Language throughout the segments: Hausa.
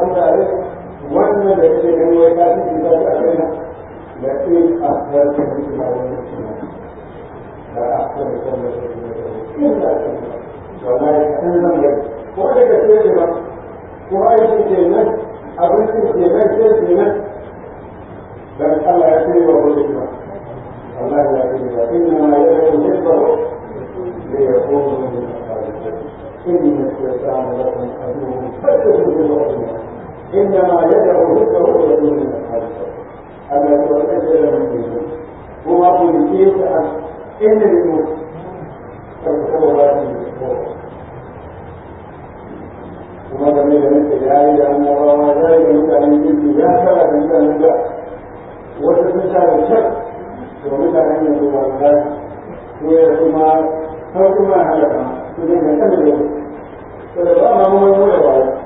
كلام ذلك وأن الذين روايات الكتاب علينا لكن أخبر في الكتاب لا أحسن كل شيء ولا يحسن من يد وهذا كثير من وآية كلمة أبنت كلمة كلمة بل الله يسير وهو يسمع الله لا يسير إنما يدعو حزبه ليكون من أصحاب الجنة إن الشيطان لكم عدو فاتقوا بالله إنما يدعو ذكره إلى دون الحاجة أما يتوسل إلى المدينة هو أقول كيف أن إن الموت فالقوة لا تنسى. وما ضمير مثل الآية لأن الله ذلك مثل من جلد يا كلا مثل من لا وتتسال الشك ومثل أن يكون الله ويكما فكما هلكا تدين كم يوم فلو أمامه المولى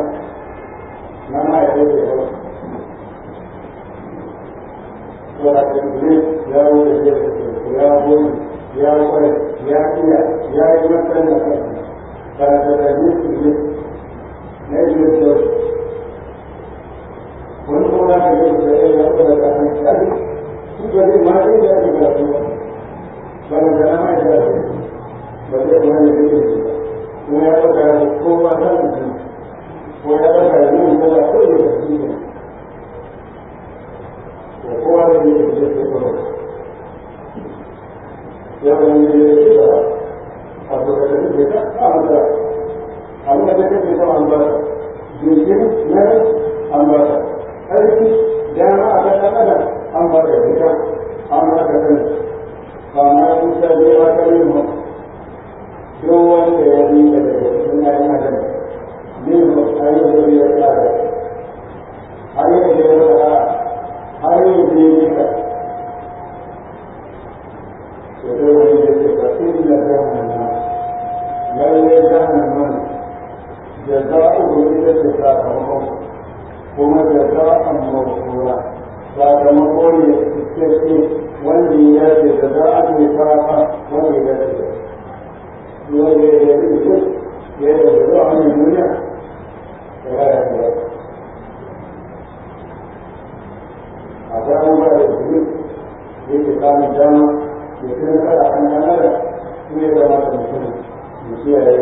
Mesti ada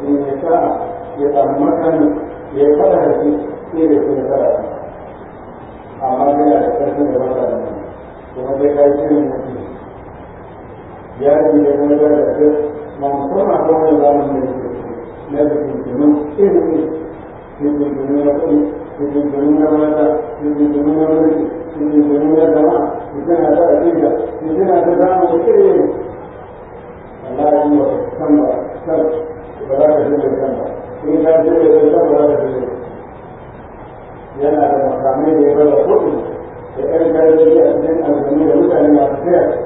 ini kita kita makan kita pada hari ini kita pada amal dia kita pun berada di mana kita ini mesti dia di mana dia berada mampu atau tidak mampu dia berada di mana kita di mana kita di mana kita di mana kita di mana kita di mana kita di mana kita di mana kita di mana kita di mana kita لا يمر سمع سمع ولا تجد سمع إذا جد سمع ولا تجد لأن هذا مقامين يبدو قدر لأن هذا الذي أسلم الزميل مثل ما تفعل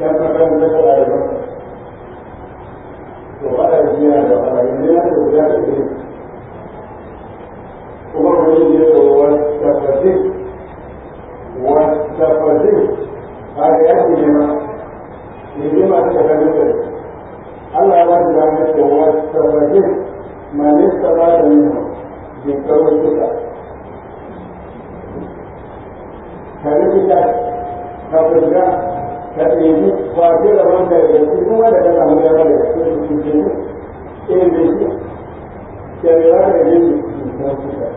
كان فكان مثل على الوقت وقال الزيادة وقال الزيادة وزيادة الزيادة وهو يجب والتفزيز والتفزيز هذا يأتي لما ne ma ta gani da Allah ya ba da ya ce wa tsarrafe ma ne tsara da ni kare ni da ka fulga ka ɗebi kwafi da wanda ya yi kuma da ya ba ya ce su ke ce ne ke ne ke kare ba da ne ne kawai suka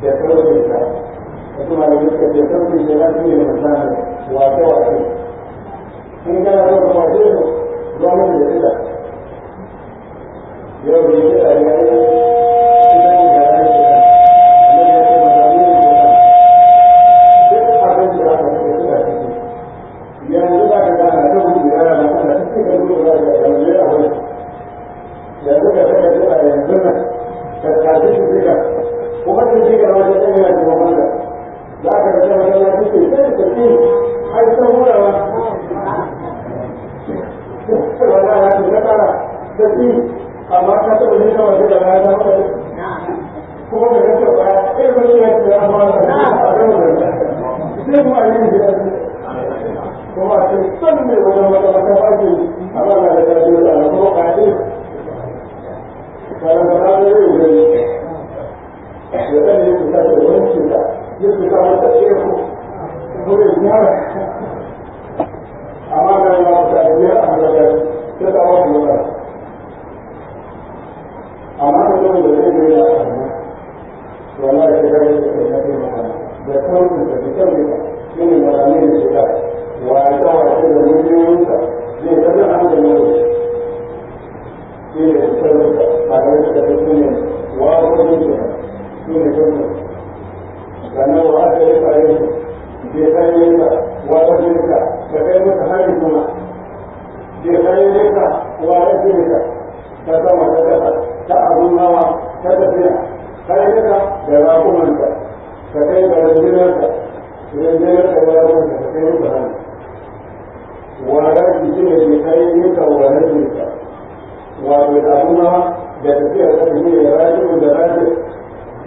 da kawai suka kuma da ya ce ka ce kawai suka ya ce ne ma ta wato wato ini kan ada orang tua itu dua minggu tidak dia berikir dari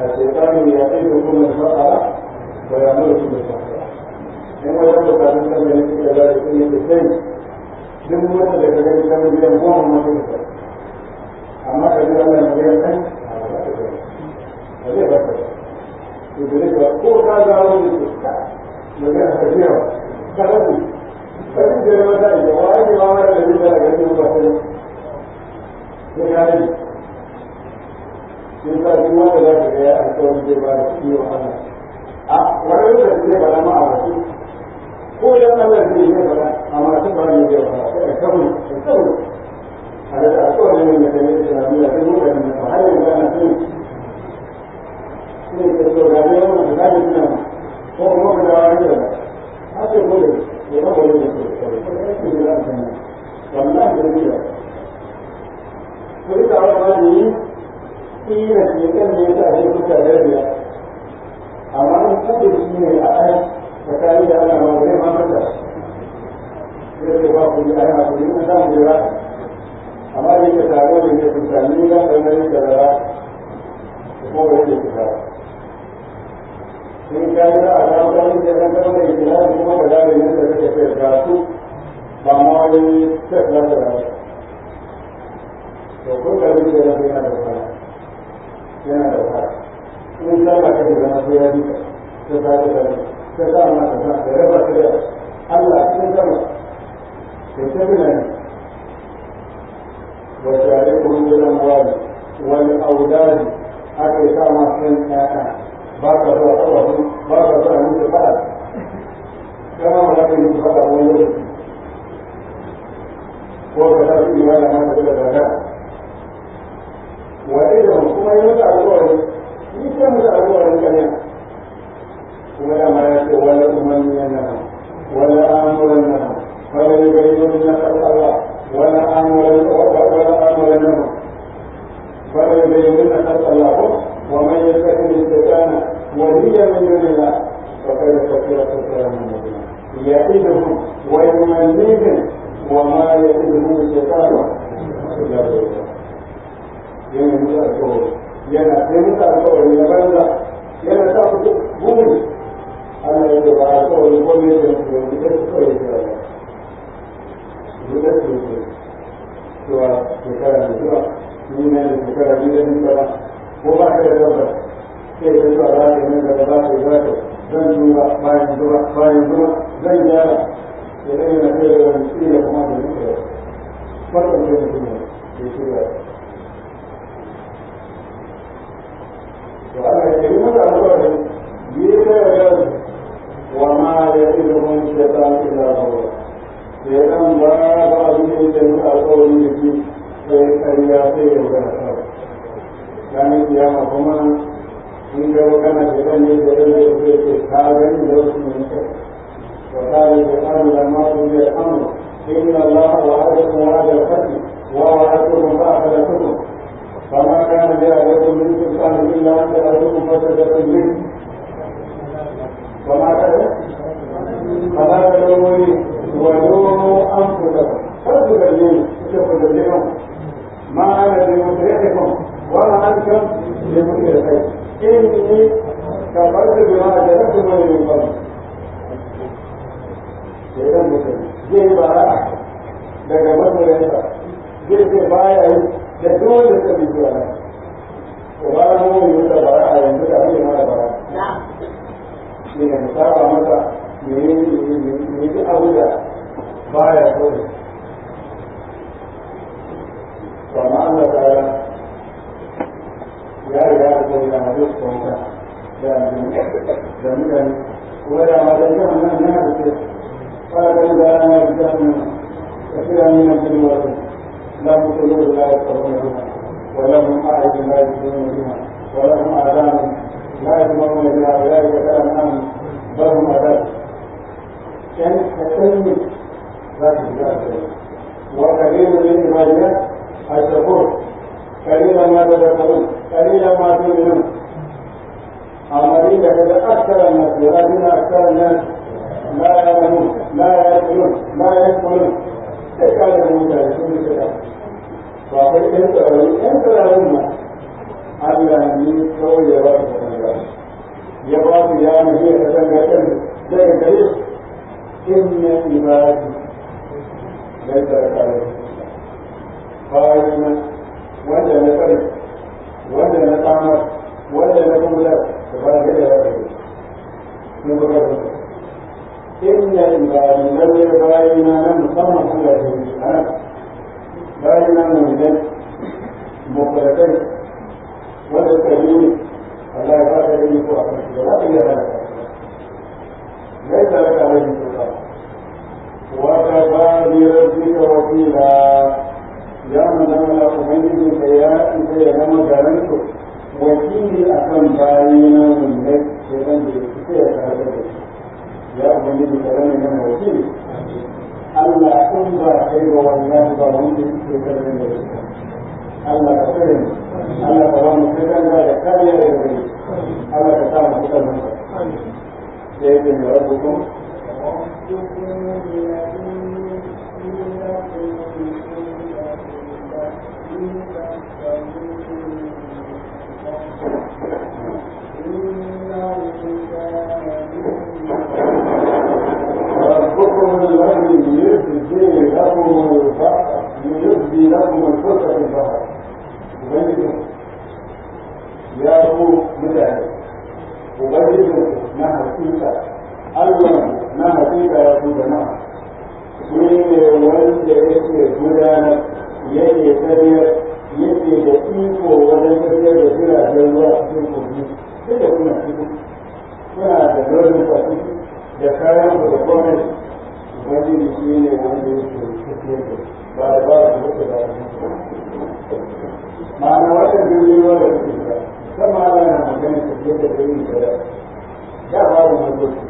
الشيطان يعطيكم الفقر ويأمركم بالفقر إن وجدت قادمة تكون مثل ذلك أي شيء دم وجد كذلك كان بين قوم ومسلمين أما كذلك أن المريم فليه بكر يدرك وقوة دعوة للإسكاء وجد كثيرا فلدي فلدي جلما ذلك وعيد الله الذي لا يجب أن يكون yin sa shi wanda za ka gaya a kawai zai ba da kuɗi wa Allah a wani lokaci zai faɗa ma a wasu ko dan Allah zai yi faɗa amma su ba ne zai faɗa sai a kawai a kawai a da a kawai ne da ne da ne da ne da ne da har yanzu ana kai shi ne da to da ne wannan da ne ko kuma dia tu dia nak dia tak tahu dia baru nak a kan wanda ke ɗan da ya fita ya tare da shi ya ka zama nan wakil Allah ba kai ba wanda da shi Allah ka kare mu Allah ka ba mu da kariya da Allah ka sa mu sai ya yi Thank you. ba, الذي يبدي لكم الفقر يبدي لكم الفرصة الفقر ya so mutane ubangijin na na ne wanda gudanar yake da iko wajen tafiyar da jiragen ruwa a cikin kogi duka kuna ciki suna da dole a ciki da kayan da kwanan wani da shi ne wanda yake tafiyar da ba da ba da wata da ma'ana wata jirgin ruwa da suke da sama ala na magana tafiyar da jirgin da ya ba da mazoci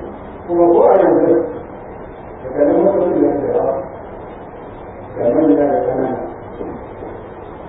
kuma ko a yanzu da kanin mutum da ya ce ba da manya da kanana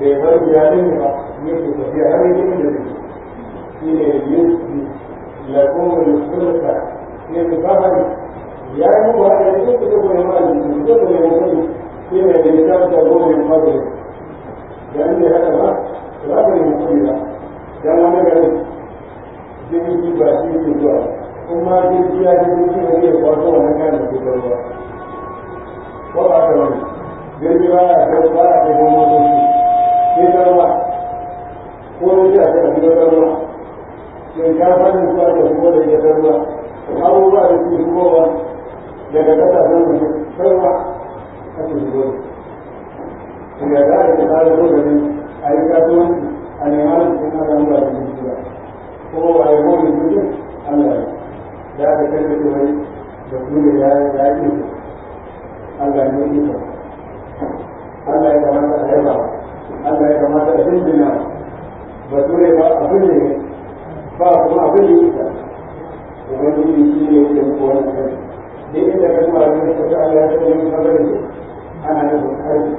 bai bar guda ne ba yake tafiya har yi da zai shi ne yusuf lakumul sulka ne ta fahari ya yi muku haka ya ce kuka goyon mali su kuka goyon mali shi ne da ya ta goyon mali da an kuma jirgi ya jirgi ne zai kwato wannan kayan da ke zuwa ta gidan ruwa ko a kan gidan ruwa shinkafa ne su aka shigo da gidan ruwa abubuwa da su shigowa daga da daga a ta da dole a yi kasuwanci da cikin al'amura da su ba kuma ba ya ya da aka kasance wani da ya yi Allah ne ya Allah Allah ya kamata a jinjina bature ba abin da ne ba kuma abin da isa ubangiji shi ne yake muku wannan kai dai inda ka zuwa da ka ta Allah ya tsare mu kamar ne ana da bukari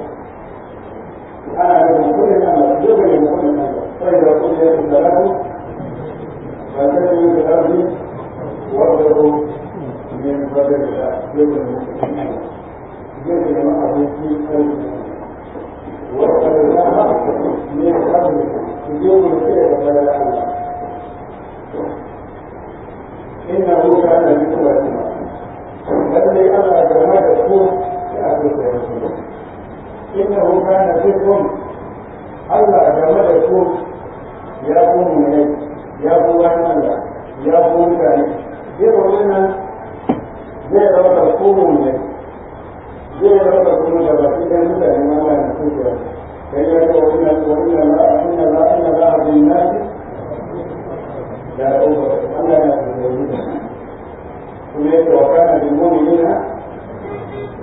ana da bukari ana da dole ne kuma nan sai da kuma ya tsara ku ba ta ne da rabbi wa rabbu min fadlillah yau ne mu ne da ma abin ki sai إنه كان بكم أسماء الذي أنا جمال السوء إنه كان بكم ألا جمال السوء يا قوم مني يا قوم الله يا قوم كان يروا لنا زي رب القوم مني زي رب القوم جبتي كان مثل ما الكفر فإذا قلنا وإنما إنما إنما لا أمر ألا لا بالمؤمنين ثم وكان بالمؤمنين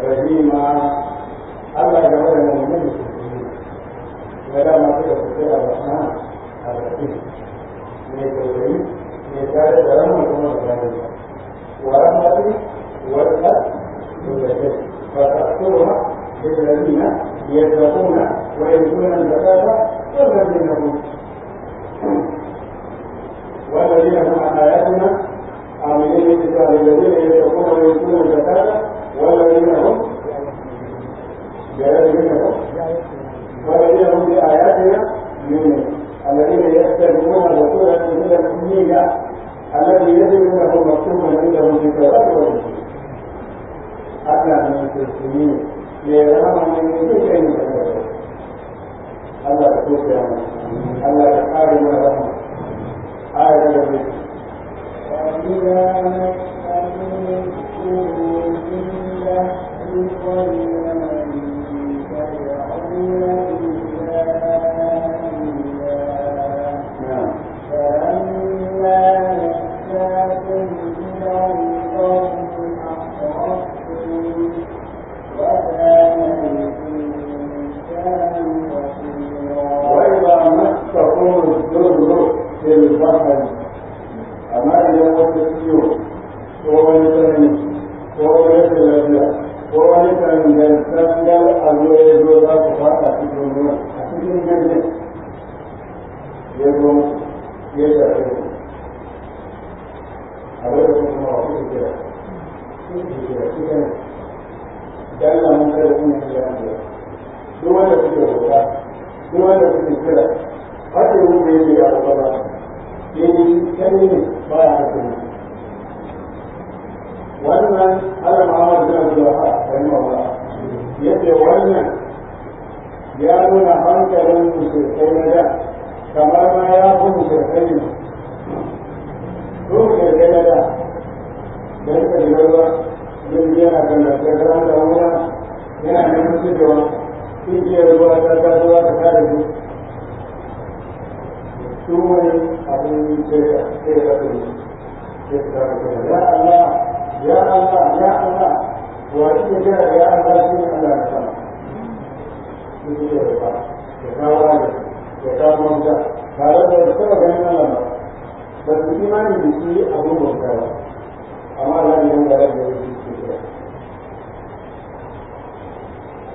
رحيما ألا جعل المؤمنين ولا ما كده في الرحمن الرحيم من التوحيد من ذلك ولم يكن ذلك ورحمتي ورحمة بالذين يتقون ويدعون الزكاة والذين هم والذين هم آياتنا آمنين الكتاب الذين يتقون ويدعون الزكاة والذين هم والذين هم والذين هم بآياتنا يؤمنون الذين يتبعون الرسول من الأمي الذي يجب له مكتوبا عندهم في التوراة والإنجيل أتى من المسلمين ليرهم ที่จะ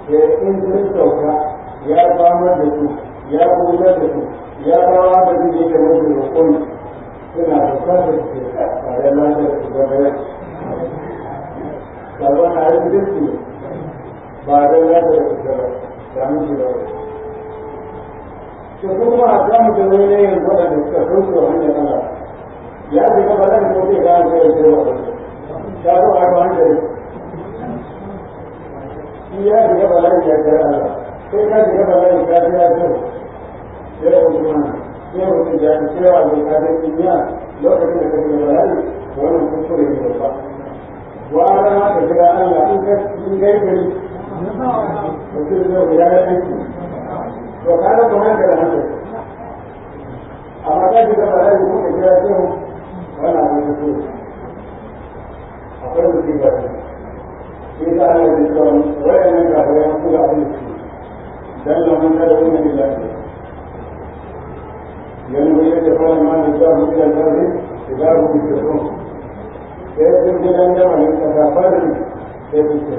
da in sun sauka ya samar da su ya kusa da su ya kawo da su ne kamar da roƙon suna da sanar da su tare da su zama yau sabon na yi jirgi ba da ya da su shi da wani kuma a samu da wani ne yin waɗanda suka kauce wa hanyar Allah ya ce ka faɗa da kuma zai gane sai ya ce ta zo a ba hankali shi ya shiga bala'i ya kira Allah sai ka shiga bala'i ka fi ya kyau sai ya wuce mana sai ya wuce da shi cewa bai ka da kimiyya lokacin da ka shiga bala'i wannan kuskure ne babba wa ala ka shiga Allah in ka in gai gari mutum zai guda da aiki to ka da kuma da hankali amma ka shiga bala'i kuma ka kira kyau wannan abin kuskure akwai mutum ba sai ta hanyar da ta wani wajen nan da hawa su da abin su manta da wani da lafiya yana mai yadda fara ma da za mu yi da lafiya da za da son sai ya fi gidan da wani ta fara sai ku ta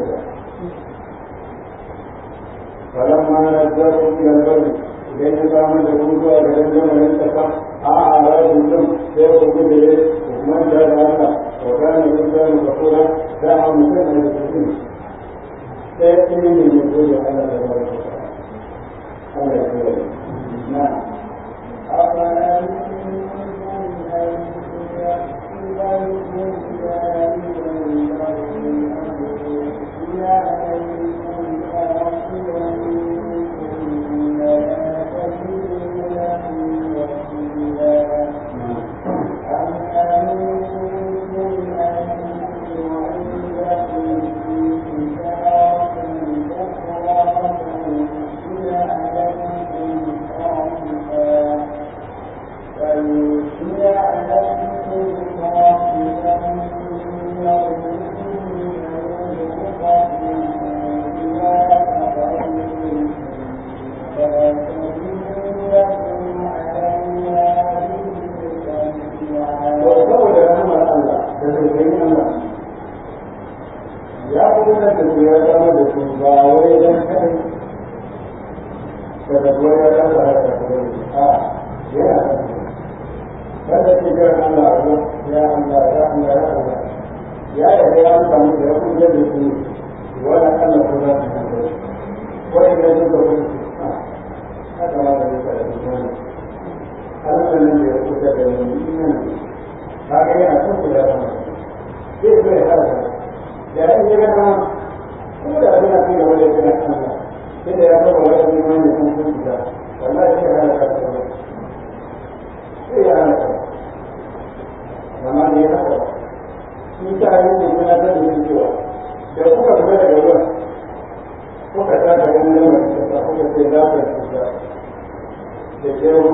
kalan ma da za mu yi da lafiya idan da kuma zuwa yanzu wani ta a'a ya yi mutum sai ya kuma da ya kuma da ya haka wa kana da ya mu da kuma da a mutum ne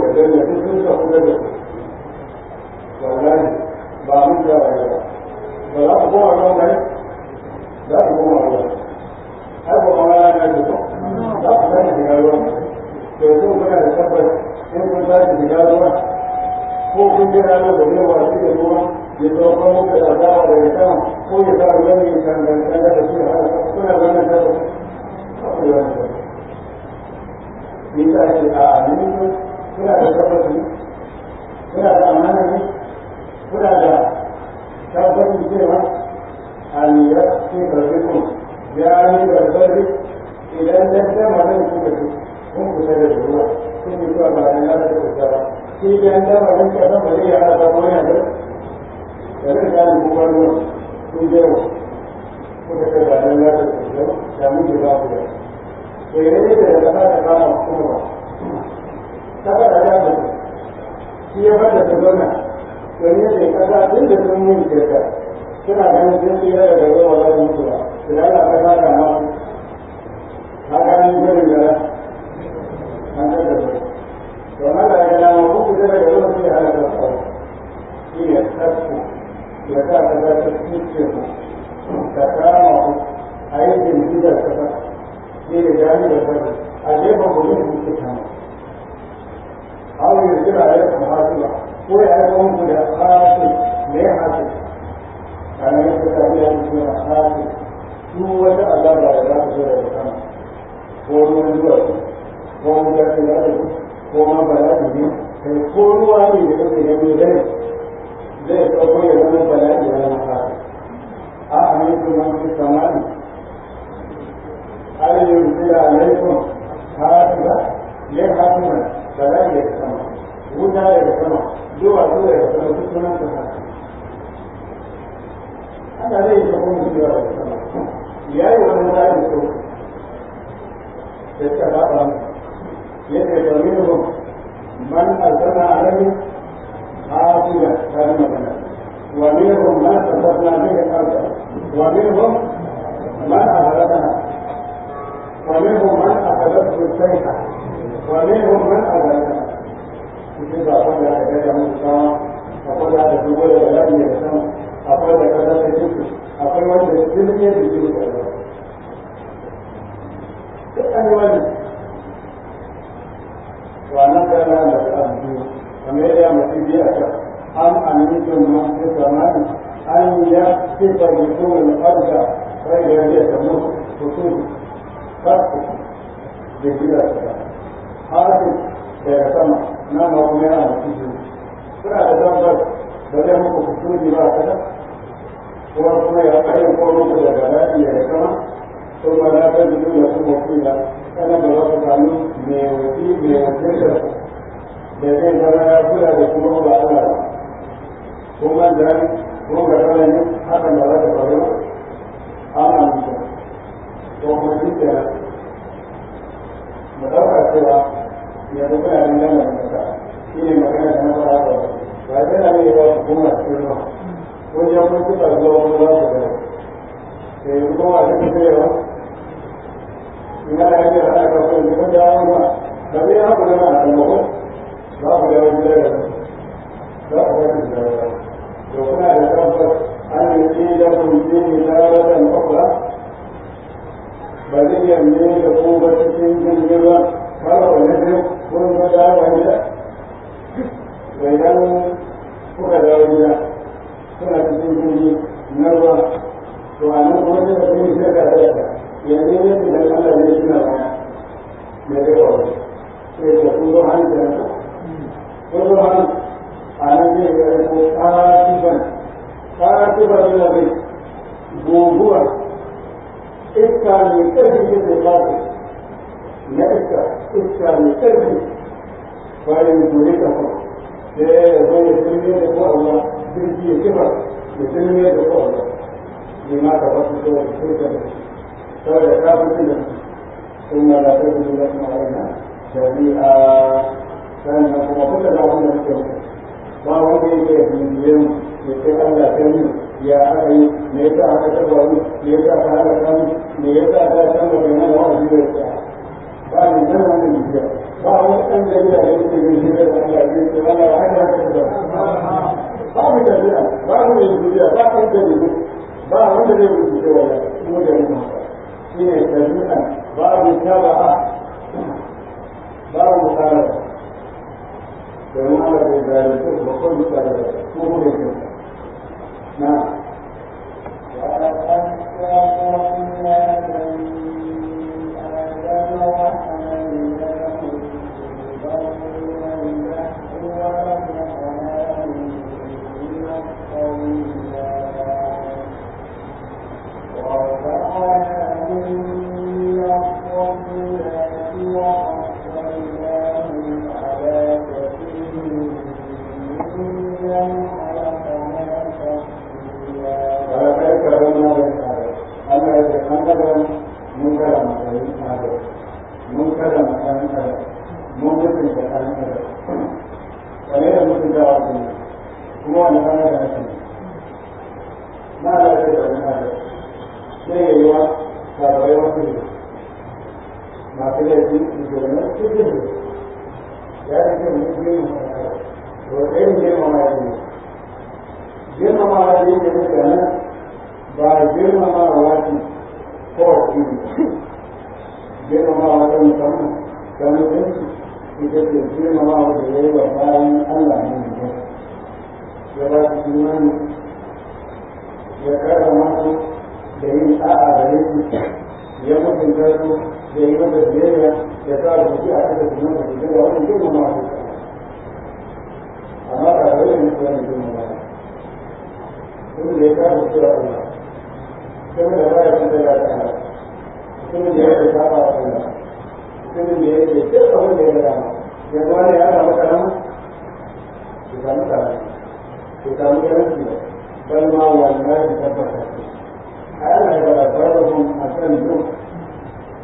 gare ya kun sun wallahi ba mun da rayuwa ba za ku koma ruwan za ku koma ba ya za ku sani to kuna da tabbas in kun sani ko kun je da zai da ruwan ya zama muka da sama ko ya ya da shi hana kuna da ni ta ce a aminu kuna da kuna da amana da tabbaci cewa aliyar ce karfi ya yi karfi idan su kun kusa da ruwa Sun yi zuwa ba da kusa ba shi zai ta da kuma ruwa sun je wa kuka ce ba da kusa ba ba ku da. da kama kuma kaga da ya shi ya fada wani ya ce tun da sun mun suna ganin sun da ba su ba su haka an an su to ya dama ko ku da wani ya su shi ne ya sa ka za ta ka ku a yi jirgin da ta ba da jami'ar a jefa ku أو يرجع عليكم حاصلة هو يعرفهم كده حاصل ليه حاصل؟ أنا نفسي تعبير اسمه حاصل شو وجه الله لا يراه غير الإسلام هو من الوقت هو من ذاك الوقت هو ما بلاده الكل واحد يقول يبي غير زي تقول أنا بلادي أنا حاصل أعمل من في السماء هل يرسل عليكم حاصلة ليه حاصلة؟ bala'i daga sama wuta daga sama zuwa zuwa daga sama duk sunan ta. haka Allah zai yi sabon zuwa daga sama ya yi wani zaɓi ko da suka zaɓa yadda da minhum man alzama alaihi hafiya ta yi magana wa minhum man tasarna bihi arda wa minhum man aghraqna wa minhum man akhadhathu ومنهم من أبى إذا قلنا إليه موسى فقلنا تقول ولم يسمع أقول كذا تجد أقول وجه الدنيا تجد كذا تسأل وجه ونقل للأبد فما إلى مسجدك أم أمنتم من في الزمان أن يخسف بطول الأرض فإذا جئت موسى فتوب فاتك بجلال hasin daga sama na ma kuma yana da kishi suna da dabbar da zai muku kusuri ba kada kuma kuma ya tsaye ko muku daga daɗi daga sama ko ma na ta jiru da kuma kana da wasu kanu mai wuti mai wuce da zai zama ya kula da kuma ba ana kuma da kuma to do ya sa rubuci a cikin sunan da da wani girma ma amma ba da wani sunan girma ma su da ya sa rubuci a Allah sun da ba ya da ya sa sun da ya ke saba a Allah sun da ya ke duk abin da ya dama yanzu wani ya samu karama su samu karama su samu karanci bal ma wannan tabbata a yana da labarin a kan duk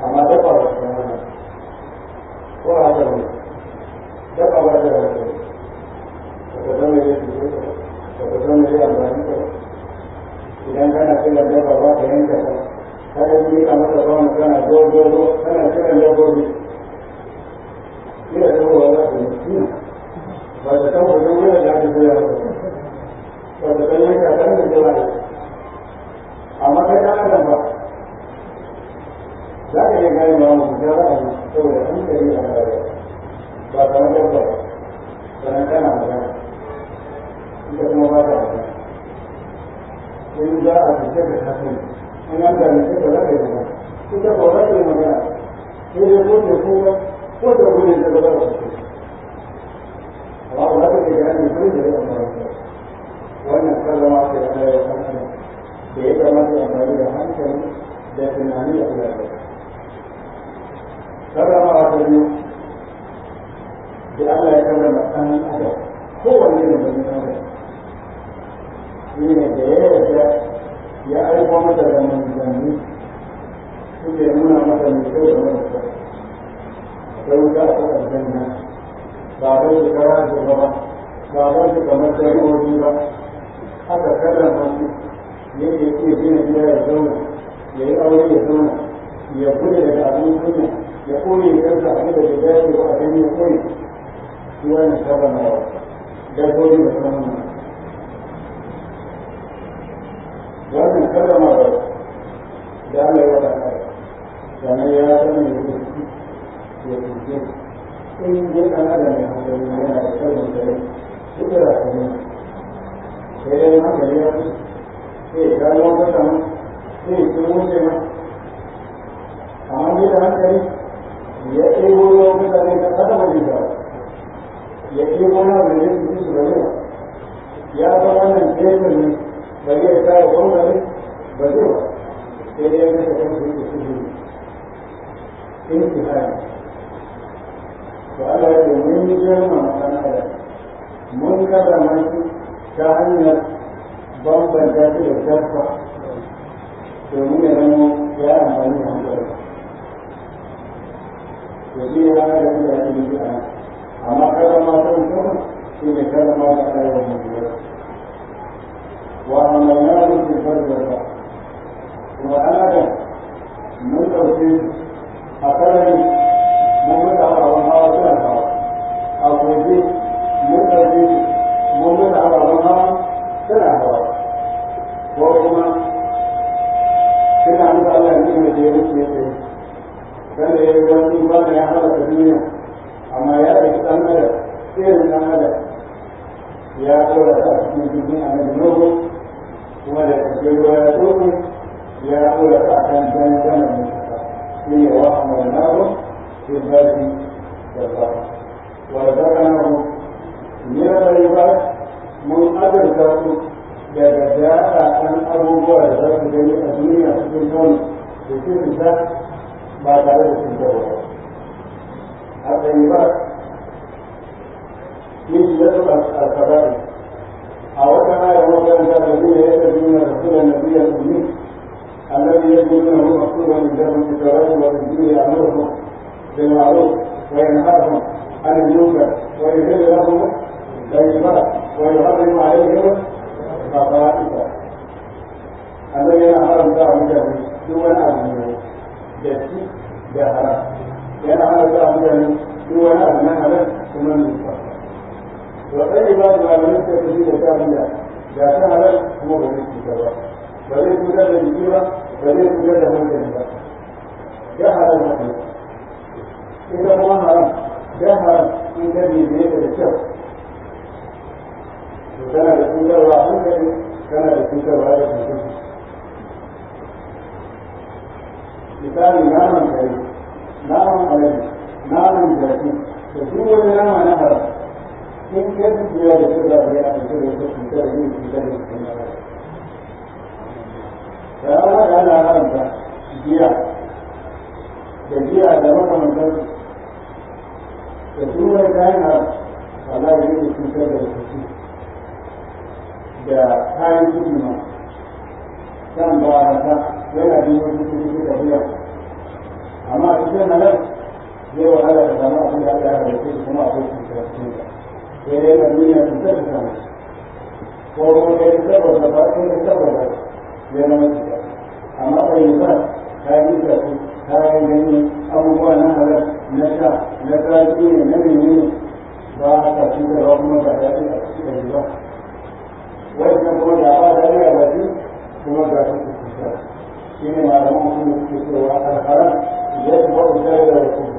Ama dafa ba su hana ko a haka ne dafa ba da hana ba ta zama ya fi zuwa ba zama ya amfani ba idan kana kiran dafa ba ka yanka ta kada yi a masa ba mu kana dogo kana kiran dabbobi kira dafa ba za ka yi ba ta kan wajen wurin da ake koya ba ba ta kan yanka ta ne da ba amma kai ta adam ba لا يجب أن يكون مجرد أن تقول أنت لي أنا لا فأنا تقول فأنا كان عملا أنت المبادرة إن جاء بشكل حسن إن أنت بشكل لا يجب أنت قولت المجال إن يكون بقوة وتقول أنت بلغة الله لا يجب أن يكون لي وأن أتكلم عن الآية وأن بيت أمر الأمرية حمسا لكن عمية في الأمرية karramawa ta biyu da Allah ya karrama ɗan adam kowanne ne da ɗan adam shi ne da ya yarda ya aiko masa da manzanni suke nuna masa mai kyau da mara kyau akwai wuta a kan aljanna ba a shi kara da ba ba a shi kamar dabbobi ba haka karrama shi yadda yake gina gida ya zauna ya yi aure ya zauna ya gudu daga abin kunya يقول يرجع إلى جبال وبعدين يقول وانا شغل نار ده يقول لي بتمنى وانا شغل نار ده لا ولا حاجه كان يا ابني يقول إن دي أنا لم يحصل من هنا يتكلم ذلك فكرة حلوة هي ما هي إيه قال ما بشر إيه تقول لي ما عمل لي هذا ya ɗebo ruwan mutane na ƙasa da rika ya ɗebo na da yin su su gane ya san wannan tebur ne ba zai kawo ba zai ba sai dai ya kasa kan su yi su yi in su hana to Allah ya ce mun yi girma masana mun karama shi ta hanyar bambanta shi da dabba domin ya zama ya amfani hankali وفيها لم يأتي بها أما خير ما تنكر إن كان ما كان يوم وعملناه في الفرد الرحم وأنا من توحيد أقلني مؤمن على الله وسهل أقلني من توحيد مؤمن وهما كنا عند الله من مدينة kada ya ga wani ba da ya halaka duniya amma ya ɗauki ɗan adam irin ɗan adam ya ɗora ta cikin jirgin annabi nuhu kuma da ƙarfi ruwa ya ɗauki ya ɗora ta kan bayan ganin mutum shi ne wa amalnahu fi zafi da zafi wa da zakanahu ni na bari ba mun azurta su daga da'a ɗan abubuwa da za su gani a duniya cikin wani da ke da bahagian tersebut. Apa yang dibuat? Ini tidak terlalu al-sabar. Awal kata yang mengatakan kata ini, ia terdiri dengan Rasul dan Nabi yang ini. Anda tidak terdiri dengan Rasul dan Nabi yang ini. Anda tidak terdiri dengan Rasul dan Nabi yang ini. Saya nak tahu, ada juga. Saya ini dengan kamu, dan juga saya akan mengalami itu. Bapa kita, anda yang akan kita ambil, tuan ada juga. da shi da haram yana halatta mutane duk wani abu na halal kuma mai kwa to sai ba ta tafi da ta ta kuma ba zai cuta ba ba zai cutar da jiki ba ba zai cutar da hankali ba ya halal na kai ita kuma haram ya haram in ka bibiye da kyau to tana da cutarwa hankali tana da cutarwa da mutum misali naman kare naman alaji naman jaki da duk wani nama na haram in kai su biya da shi zaɓe a cikin da su cutar da yin cutar da su na haram da ana da ana haramta biya da biya da makamantar da duk wani kayan haram Allah ya yi cutar da su da kayan cikin ma kan ba a yana biyan cikin cikin tafiya amma a cikin halar zai wahala da samu abin da aka haɗa shi kuma akwai cikin ka sai dai na duniya sun tafi samu ko ko kai ta saboda ba kai ta saboda ya na mutu amma kai yi ba ta yi ta su ka yi gani abubuwa na halar na sha na tsaki ne na menene ba da ba kuma ba ta fi a cikin ba wajen kuma da ba da ya kuma ga su cikin cutar shine malaman mutum da suke cewa alharam ya tuba usai da wasu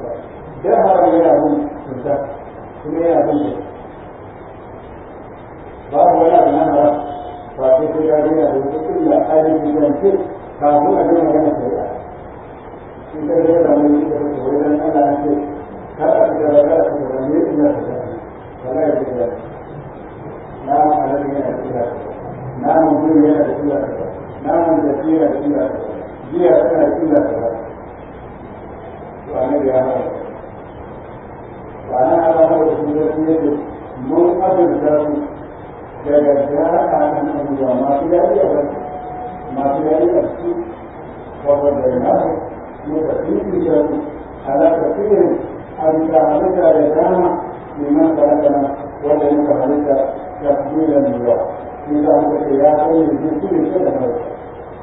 dan haram yana bin cuta kuma yana bin da babu wani abu na haram ba sai sai ka daina da wata illa alifi zance kafin a daina yana shari'a shi ka daina da wani da kake wai dan ana ce kar a fita da kar a fita ne ina fita kana ya fita na alamin yana fita na mutum yana fita namun da jiya jiya jiya suna jiya ta to a nabi ya haɗa to a nan ana haɗa su da su yadda mun azurta su daga jihar a nan abubuwa masu daɗi a wani masu daɗi a su wadda da yana su ne da su yi da su alaƙa tsirin an ta halitta da dama neman tsaraka wanda ya halitta تقبيلا لله إذا أنت يا أي ذكر سنة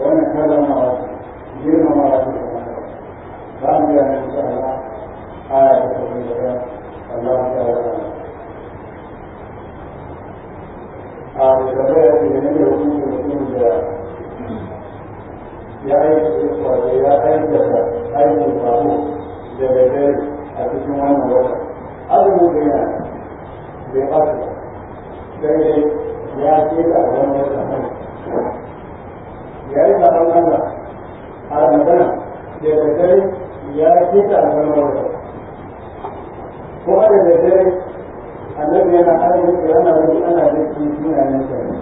وانا كذا مرات جينا مرات فأنت يعني إن شاء الله آية تقول الله تعالى هذه الرواية الجميلة وكنت يكون يا أيها الإخوة يا أيها أيها الطاغوت جلدي أتجمعون الوطن أبو بنا بقتل سيدي يا سيدي أهلا وسهلا Yayin yi zaɓen Allah a Ramadan da daddare ya wata ko da daddare annabi yana arziki da yana wani ana zaki suna nan sai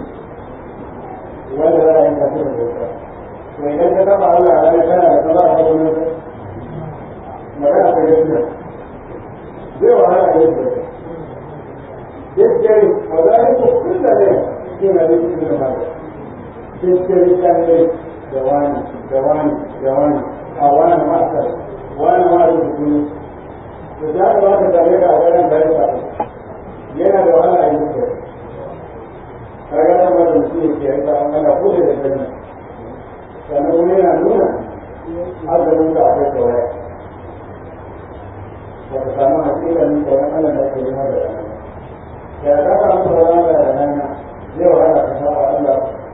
wanda za a yi da to idan ka taɓa Allah a ranar tana da a wajen wata magana ta zai wahala a ba za a yi da ne da sai sai da wani da wani da wani a wani masar wani wani hukumi to da aka wata tare da wannan da ya yana da wahala a yi kyau kaga da wani mutum ke yi ta wannan da da sani sannan kuma yana nuna azumin da akwai tsawaya ba ka samu hakikalin tsoron Allah da ke yi da nan da ya kasa masa wani da nan zai wahala ka sa Allah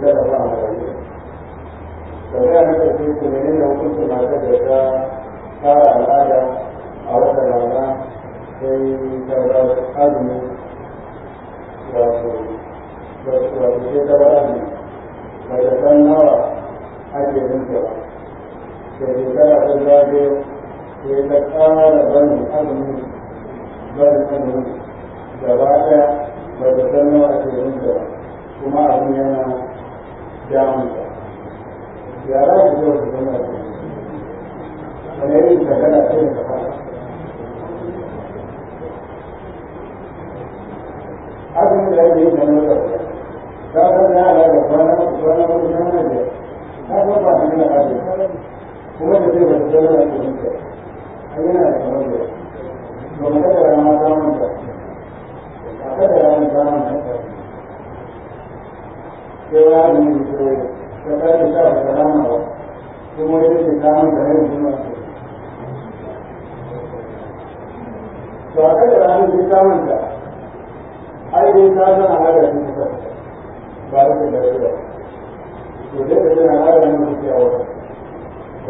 jarraba a rayuwa tambaya na ƙarfi ne hukuncin matar da ta fara al'ada a wata rana sai ta bar azumi wato wato sai ta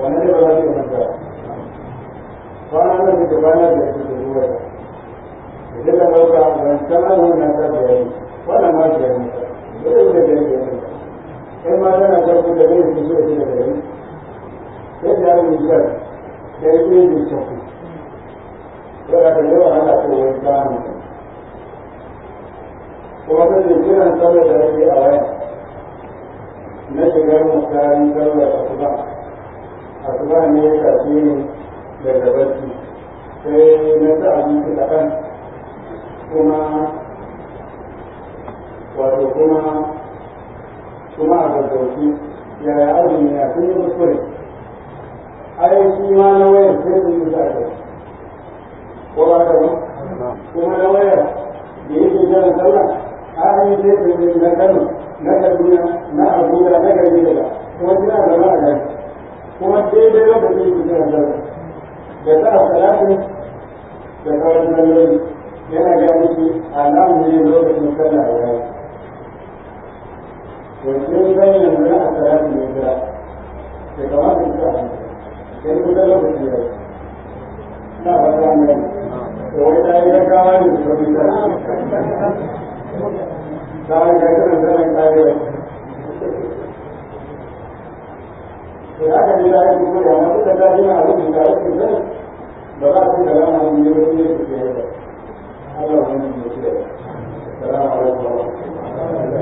wani ne ba za manta kwana nan da kwana da su da ruwa da zai ɗauka wancan abubuwan na ta bayani wannan ma shi ya manta yi da gani da ya manta ma tana ta ku da gani su zuwa shi da gani sai da yi zuwa da ya yi da shi ku yana da yawa ana ko wani kama kuma kan ce, kiran sallar da ake a waya na shigar mutane sallar a kuma asuba ne ya tafi ni daga barci sai na ci abinci kaɗan kuma wato kuma kuma a gaggauci yaya azumi ya sun yi kuskure ai shi ma na wayar sai sun yi sa ko ba ta ba kuma na wayar da yake jiran sallah an yi sai sun yi na kano na kaduna na abuja na gari daga kuma kina zama a gari kuma daidai da zai yi zai zai da za a salatu da kawai zallai yana ga miki alamu ne lokacin sallah ya yi wajen zai na a salatu ne kira da kamata ki sa sai ku da lokacin ya yi na ba ta mai da wai ta yi da kawai ne da bi ta ta yi da kanan zanen kariya sai aka ji da ake koya na duka ta gina abin da ake zai ba za su da rana ne ne wani ne su ke yadda Allah wani ne shi da salamu